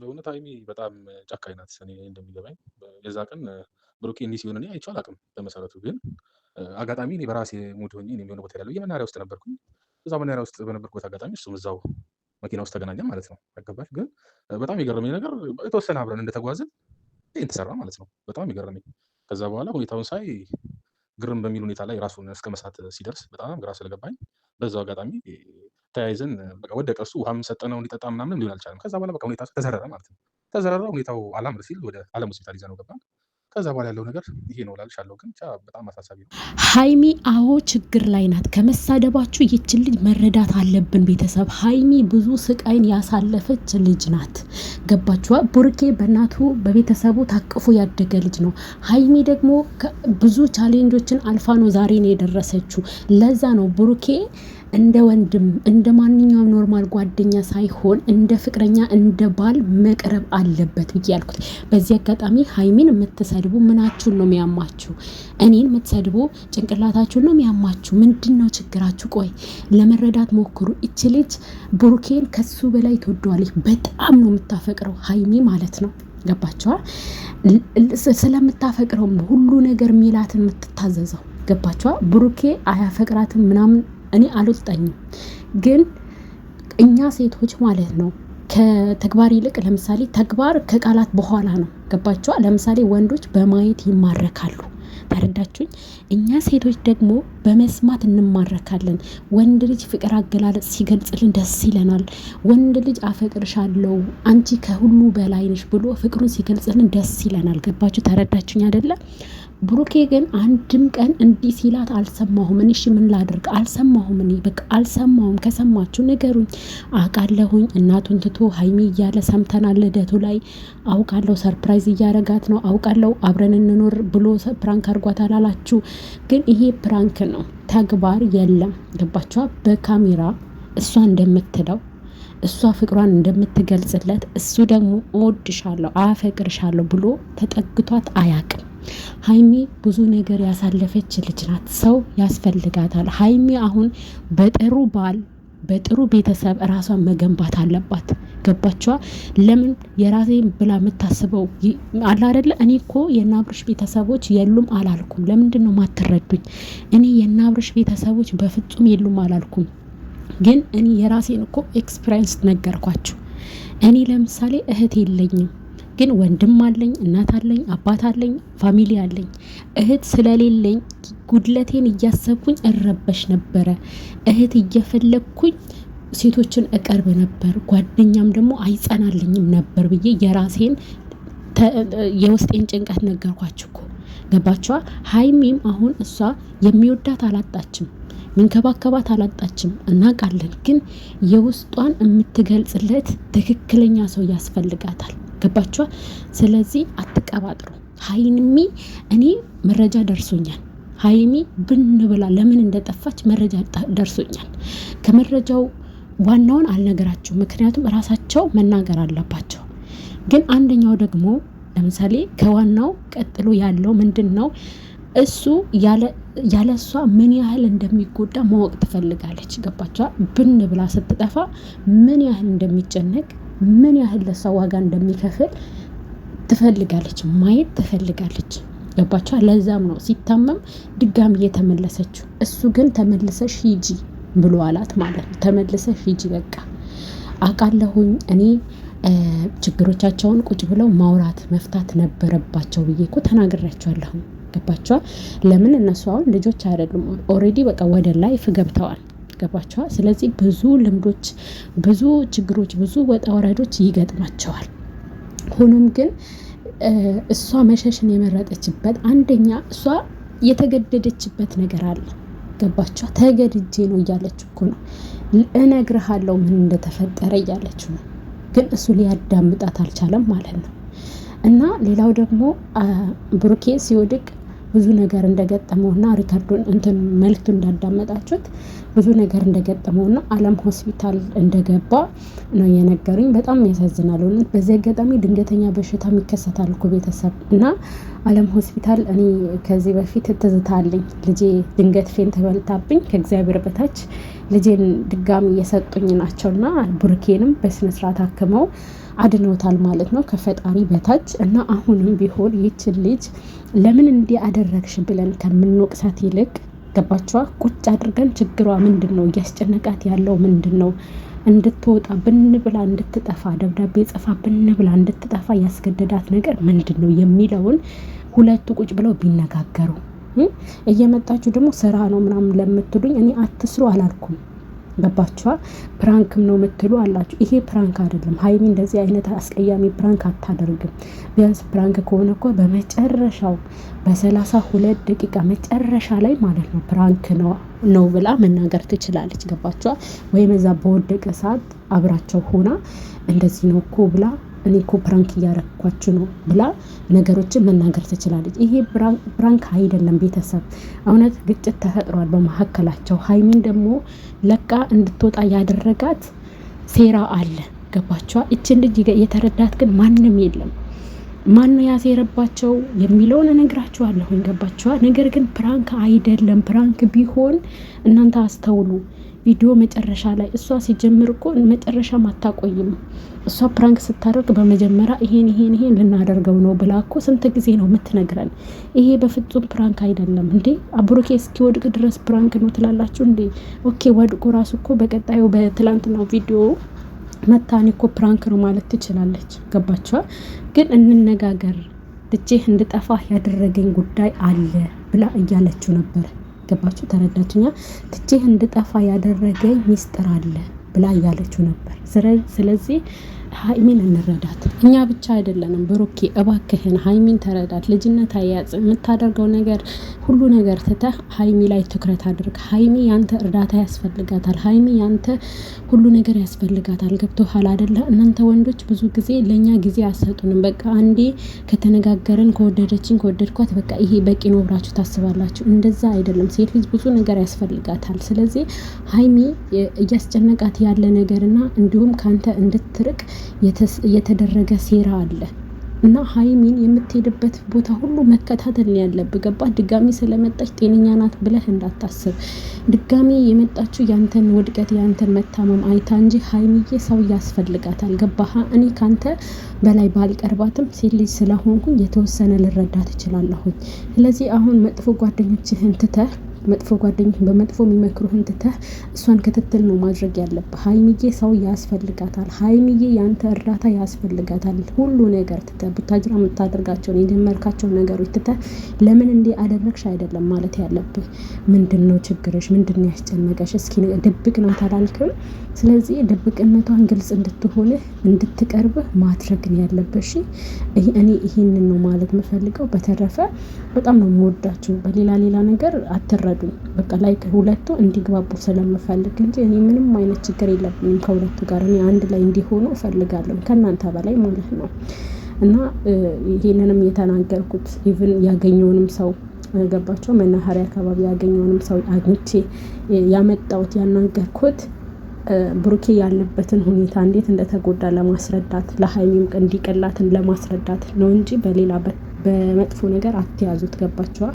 በእውነት ሀይሚ በጣም ጨካኝ ናት። እኔ እንደሚገባኝ የዛ ቀን ብሩኬ እንዲህ ሲሆን እኔ አይቼው አላውቅም። በመሰረቱ ግን አጋጣሚ እኔ በራሴ ሙድ ሆኜ እኔም የሆነ ቦታ ያለው የመናሪያ ውስጥ ነበርኩኝ። እዛ መናሪያ ውስጥ በነበርኩበት አጋጣሚ እሱም እዛው መኪና ውስጥ ተገናኘን ማለት ነው። ያገባሽ ግን በጣም የገረመኝ ነገር የተወሰነ አብረን እንደተጓዝን ይህን ተሰራ ማለት ነው። በጣም የገረመኝ ከዛ በኋላ ሁኔታውን ሳይ ግርም በሚል ሁኔታ ላይ ራሱን እስከ መሳት ሲደርስ በጣም ግራ ስለገባኝ በዛው አጋጣሚ ተያይዘን ወደቀ። እሱ ውሃም ሰጠነው እንዲጠጣ ምናምን ሊሆን አልቻለም። ከዛ በኋላ በቃ ሁኔታ ተዘረረ ማለት ነው። ተዘረረ ሁኔታው አላምር ሲል ወደ አለም ሆስፒታል ይዘነው ገባን። ከዛ በኋላ ያለው ነገር ይሄ ነው እላልሻለሁ። ግን በጣም አሳሳቢ ነው። ሀይሚ አዎ ችግር ላይ ናት። ከመሳደባችሁ ይችን ልጅ መረዳት አለብን ቤተሰብ። ሀይሚ ብዙ ስቃይን ያሳለፈች ልጅ ናት። ገባችኋ? ቡርኬ በእናቱ በቤተሰቡ ታቅፎ ያደገ ልጅ ነው። ሀይሚ ደግሞ ብዙ ቻሌንጆችን አልፋ ነው ዛሬ ነው የደረሰችው። ለዛ ነው ቡርኬ እንደ ወንድም እንደ ማንኛውም ኖርማል ጓደኛ ሳይሆን እንደ ፍቅረኛ እንደ ባል መቅረብ አለበት ብዬ ያልኩት። በዚህ አጋጣሚ ሀይሚን የምትሰድቡ ምናችሁን ነው የሚያማችሁ? እኔን የምትሰድቡ ጭንቅላታችሁን ነው የሚያማችሁ? ምንድን ነው ችግራችሁ? ቆይ ለመረዳት ሞክሩ። እች ልጅ ብሩኬን ከሱ በላይ ትወደዋለች። በጣም ነው የምታፈቅረው ሀይሚ ማለት ነው። ገባቸዋል። ስለምታፈቅረው ሁሉ ነገር ሚላትን የምትታዘዘው ገባቸዋል። ብሩኬ አያፈቅራትም ምናምን እኔ አልወጣኝም። ግን እኛ ሴቶች ማለት ነው ከተግባር ይልቅ ለምሳሌ ተግባር ከቃላት በኋላ ነው። ገባችኋ? ለምሳሌ ወንዶች በማየት ይማረካሉ። ተረዳችሁኝ? እኛ ሴቶች ደግሞ በመስማት እንማረካለን። ወንድ ልጅ ፍቅር አገላለጽ ሲገልጽልን ደስ ይለናል። ወንድ ልጅ አፈቅርሻለሁ፣ አንቺ ከሁሉ በላይ ነሽ ብሎ ፍቅሩን ሲገልጽልን ደስ ይለናል። ገባችሁ? ተረዳችሁኝ አይደለም? ብሩኬ ግን አንድም ቀን እንዲህ ሲላት አልሰማሁም። እሺ ምን ላድርግ? አልሰማሁም። እኔ በቃ አልሰማሁም። ከሰማችሁ ንገሩኝ። አውቃለሁኝ እናቱን ትቶ ሀይሚ እያለ ሰምተናል። ልደቱ ላይ አውቃለሁ፣ ሰርፕራይዝ እያረጋት ነው አውቃለሁ፣ አብረን እንኖር ብሎ ፕራንክ አርጓታል አላላችሁ? ግን ይሄ ፕራንክ ነው፣ ተግባር የለም። ገባችኋ? በካሜራ እሷ እንደምትለው እሷ ፍቅሯን እንደምትገልጽለት እሱ ደግሞ እወድሻለሁ አፈቅርሻለሁ ብሎ ተጠግቷት አያቅም። ሀይሚ ብዙ ነገር ያሳለፈች ልጅ ናት። ሰው ያስፈልጋታል። ሀይሚ አሁን በጥሩ ባል በጥሩ ቤተሰብ እራሷን መገንባት አለባት። ገባችዋ? ለምን የራሴን ብላ የምታስበው አለ አደለ? እኔ እኮ የናብርሽ ቤተሰቦች የሉም አላልኩም። ለምንድን ነው ማትረዱኝ? እኔ የናብርሽ ቤተሰቦች በፍጹም የሉም አላልኩም። ግን እኔ የራሴን እኮ ኤክስፒሪንስ ነገርኳችሁ። እኔ ለምሳሌ እህት የለኝም፣ ግን ወንድም አለኝ፣ እናት አለኝ፣ አባት አለኝ፣ ፋሚሊ አለኝ። እህት ስለሌለኝ ጉድለቴን እያሰብኩኝ እረበሽ ነበረ። እህት እየፈለግኩኝ ሴቶችን እቀርብ ነበር። ጓደኛም ደግሞ አይጸናልኝም ነበር ብዬ የራሴን የውስጤን ጭንቀት ነገርኳችሁ እኮ ገባችኋ? ሀይሚም አሁን እሷ የሚወዳት አላጣችም። መንከባከባት አላጣችም እናውቃለን። ግን የውስጧን የምትገልጽለት ትክክለኛ ሰው ያስፈልጋታል። ገባችኋል? ስለዚህ አትቀባጥሩ። ሀይሚ እኔ መረጃ ደርሶኛል ሀይሚ ብን ብላ ለምን እንደጠፋች መረጃ ደርሶኛል። ከመረጃው ዋናውን አልነገራቸው፣ ምክንያቱም እራሳቸው መናገር አለባቸው። ግን አንደኛው ደግሞ ለምሳሌ ከዋናው ቀጥሎ ያለው ምንድን ነው? እሱ ያለ እሷ ምን ያህል እንደሚጎዳ ማወቅ ትፈልጋለች። ገባቸዋ ብን ብላ ስትጠፋ ምን ያህል እንደሚጨነቅ ምን ያህል ለእሷ ዋጋ እንደሚከፍል ትፈልጋለች፣ ማየት ትፈልጋለች። ገባቸዋ ለዛም ነው ሲታመም ድጋሚ የተመለሰችው እሱ ግን ተመልሰሽ ሂጂ ብሎ አላት ማለት ነው። ተመልሰሽ ሂጂ በቃ አውቃለሁኝ እኔ ችግሮቻቸውን ቁጭ ብለው ማውራት መፍታት ነበረባቸው ብዬ እኮ ተናግሬያቸዋለሁ። ይገባቸዋል። ለምን እነሱ አሁን ልጆች አይደሉም። ኦልሬዲ በቃ ወደ ላይፍ ገብተዋል። ገባቸዋል። ስለዚህ ብዙ ልምዶች፣ ብዙ ችግሮች፣ ብዙ ወጣ ወረዶች ይገጥማቸዋል። ሆኖም ግን እሷ መሸሽን የመረጠችበት አንደኛ እሷ የተገደደችበት ነገር አለ። ገባቸዋ። ተገድጄ ነው እያለች እኮ ነው። እነግርሃለው ምን እንደተፈጠረ እያለችው ነው። ግን እሱ ሊያዳምጣት አልቻለም ማለት ነው። እና ሌላው ደግሞ ብሩኬ ሲወድቅ ብዙ ነገር እንደገጠመውና ሪከርዱን እንትን መልክቱ እንዳዳመጣችሁት ብዙ ነገር እንደገጠመውና አለም ሆስፒታል እንደገባ ነው የነገሩኝ። በጣም ያሳዝናል እውነት። በዚህ አጋጣሚ ድንገተኛ በሽታ ይከሰታል እኮ ቤተሰብ እና አለም ሆስፒታል። እኔ ከዚህ በፊት ትዝታለኝ ልጄ ድንገት ፌን ተበልታብኝ ከእግዚአብሔር በታች ልጄን ድጋሚ እየሰጡኝ ናቸውና ብሩኬንም በስነስርዓት አክመው አድኖታል ማለት ነው ከፈጣሪ በታች እና አሁንም ቢሆን ይችን ልጅ ለምን እንዲህ አደረግሽ ብለን ከምንወቅሳት ይልቅ ገባችዋ ቁጭ አድርገን ችግሯ ምንድን ነው፣ እያስጨነቃት ያለው ምንድን ነው፣ እንድትወጣ ብንብላ እንድትጠፋ ደብዳቤ ጽፋ ብንብላ እንድትጠፋ ያስገደዳት ነገር ምንድን ነው የሚለውን ሁለቱ ቁጭ ብለው ቢነጋገሩ። እየመጣችሁ ደግሞ ስራ ነው ምናምን ለምትሉኝ እኔ አትስሩ አላልኩም። ገባችኋ? ፕራንክም ነው የምትሉ አላችሁ። ይሄ ፕራንክ አይደለም። ሀይሚ እንደዚህ አይነት አስቀያሚ ፕራንክ አታደርግም። ቢያንስ ፕራንክ ከሆነ እኮ በመጨረሻው በሰላሳ ሁለት ደቂቃ መጨረሻ ላይ ማለት ነው ፕራንክ ነው ነው ብላ መናገር ትችላለች። ገባችኋ? ወይም እዛ በወደቀ ሰዓት አብራቸው ሆና እንደዚህ ነው እኮ ብላ እኔ እኮ ፕራንክ እያረኳችሁ ነው ብላ ነገሮችን መናገር ትችላለች። ይሄ ፕራንክ አይደለም ቤተሰብ፣ እውነት ግጭት ተፈጥሯል በመሀከላቸው። ሀይሚን ደግሞ ለቃ እንድትወጣ ያደረጋት ሴራ አለ። ገባችኋ? እችን ልጅ የተረዳት ግን ማንም የለም። ማን ነው ያሴረባቸው የሚለውን እነግራችኋለሁ። ገባችኋ? ነገር ግን ፕራንክ አይደለም። ፕራንክ ቢሆን እናንተ አስተውሉ። ቪዲዮ መጨረሻ ላይ እሷ ሲጀምር እኮ መጨረሻ አታቆይም። እሷ ፕራንክ ስታደርግ በመጀመሪያ ይሄን ይሄን ይሄን ልናደርገው ነው ብላ እኮ ስንት ጊዜ ነው የምትነግረን? ይሄ በፍጹም ፕራንክ አይደለም እንዴ! አብሩኬ እስኪወድቅ ድረስ ፕራንክ ነው ትላላችሁ እንዴ? ኦኬ ወድቆ ራሱ እኮ በቀጣዩ በትላንትናው ቪዲዮ መታን እኮ ፕራንክ ነው ማለት ትችላለች። ገባችኋል? ግን እንነጋገር ልጄ እንድጠፋ ያደረገኝ ጉዳይ አለ ብላ እያለችው ነበር። ገባችሁ? ተረዳችኛ? ትቼህ እንድጠፋ ያደረገ ሚስጥር አለ ብላ እያለችው ነበር። ስለዚህ ሀይሚን እንረዳት። እኛ ብቻ አይደለንም። ብሩኬ እባክህን ሀይሚን ተረዳት። ልጅነት አያጽ የምታደርገው ነገር ሁሉ ነገር ትተህ ሀይሚ ላይ ትኩረት አድርግ። ሀይሚ ያንተ እርዳታ ያስፈልጋታል። ሀይሚ ያንተ ሁሉ ነገር ያስፈልጋታል። ገብቶሃል አደለ? እናንተ ወንዶች ብዙ ጊዜ ለእኛ ጊዜ አሰጡንም። በቃ አንዴ ከተነጋገረን ከወደደችን ከወደድኳት በቃ ይሄ በቂ ነው ብላችሁ ታስባላችሁ። እንደዛ አይደለም። ሴት ልጅ ብዙ ነገር ያስፈልጋታል። ስለዚህ ሀይሚ እያስጨነቃት ያለ ነገርና እንዲሁም ከአንተ እንድትርቅ የተደረገ ሴራ አለ እና ሀይሚን የምትሄድበት ቦታ ሁሉ መከታተል ያለብህ ገባ። ድጋሚ ስለመጣች ጤነኛ ናት ብለህ እንዳታስብ። ድጋሚ የመጣችው ያንተን ውድቀት ያንተን መታመም አይታ እንጂ ሀይሚዬ ሰው ያስፈልጋታል። ገባህ? እኔ ካንተ በላይ ባልቀርባትም ሴት ልጅ ስለሆንኩኝ የተወሰነ ልረዳ ትችላለሁኝ። ስለዚህ አሁን መጥፎ ጓደኞችህን ትተህ መጥፎ ጓደኞች በመጥፎ የሚመክሩህን ትተህ እሷን ክትትል ነው ማድረግ ያለብህ። ሀይሚዬ ሰው ያስፈልጋታል። ሀይሚዬ ያንተ እርዳታ ያስፈልጋታል። ሁሉ ነገር ትተህ ቡታጅራ የምታደርጋቸውን የጀመርካቸውን ነገሮች ትተህ ለምን እንዲህ አደረግሽ አይደለም ማለት ያለብህ። ምንድን ነው ችግርሽ? ምንድን ነው ያስጨነቀሽ? እስኪ ድብቅ ነው ታላልክም። ስለዚህ ድብቅነቷን ግልጽ እንድትሆንህ እንድትቀርብህ ማድረግን ያለብሽ። እኔ ይህንን ነው ማለት የምፈልገው። በተረፈ በጣም ነው የምወዳችሁ። በሌላ ሌላ ነገር አትረ ይረዱኝ። በቃ ላይ ሁለቱ እንዲግባቡ ስለምፈልግ እንጂ እኔ ምንም አይነት ችግር የለብኝም ከሁለቱ ጋር እኔ አንድ ላይ እንዲሆኑ እፈልጋለሁ ከእናንተ በላይ ማለት ነው። እና ይሄንንም የተናገርኩት ኢቭን ያገኘውንም ሰው ገባቸው መናኸሪያ አካባቢ ያገኘውንም ሰው አግኝቼ ያመጣውት ያናገርኩት ብሩኬ ያለበትን ሁኔታ እንዴት እንደተጎዳ ለማስረዳት ለሀይሚም እንዲቀላትን ለማስረዳት ነው እንጂ በሌላ በመጥፎ ነገር አትያዙት። ገባቸዋል